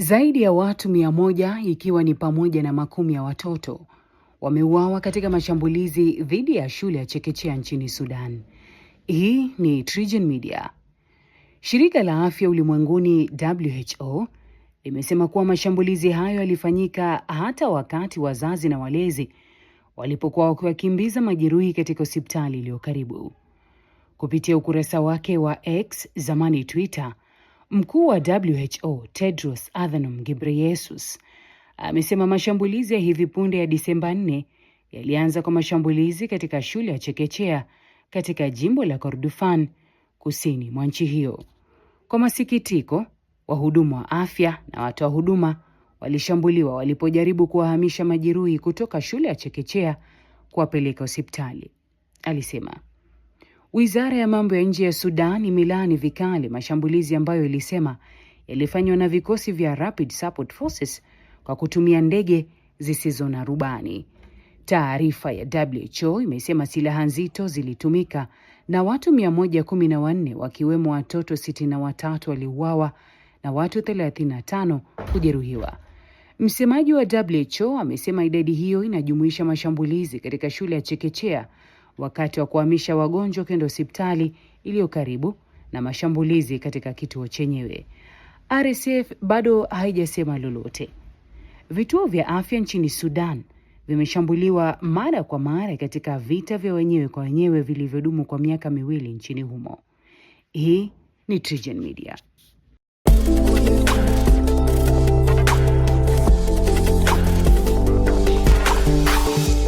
Zaidi ya watu mia moja ikiwa ni pamoja na makumi ya watoto wameuawa katika mashambulizi dhidi ya shule ya chekechea nchini Sudan. Hii ni Trigen Media. Shirika la Afya Ulimwenguni WHO limesema kuwa mashambulizi hayo yalifanyika hata wakati wazazi na walezi walipokuwa wakiwakimbiza majeruhi katika hospitali iliyo karibu. Kupitia ukurasa wake wa X, zamani Twitter, Mkuu wa WHO Tedros Adhanom Ghebreyesus amesema mashambulizi ya hivi punde ya Disemba 4 yalianza kwa mashambulizi katika shule ya chekechea katika jimbo la Kordofan kusini mwa nchi hiyo. Kwa masikitiko, wahudumu wa afya na watoa huduma walishambuliwa walipojaribu kuwahamisha majeruhi kutoka shule ya chekechea kuwapeleka hospitali, alisema. Wizara ya mambo ya nje ya Sudan imelaani vikali mashambulizi ambayo ilisema yalifanywa na vikosi vya Rapid Support Forces kwa kutumia ndege zisizo na rubani. Taarifa ya WHO imesema silaha nzito zilitumika na watu 114 wakiwemo watoto 63 waliuawa na watu 35 kujeruhiwa. Msemaji wa WHO amesema idadi hiyo inajumuisha mashambulizi katika shule ya chekechea wakati wa kuhamisha wagonjwa kwenda hospitali iliyo karibu na mashambulizi katika kituo chenyewe. RSF bado haijasema lolote. Vituo vya afya nchini Sudan vimeshambuliwa mara kwa mara katika vita vya wenyewe kwa wenyewe vilivyodumu kwa miaka miwili nchini humo. Hii ni TriGen Media.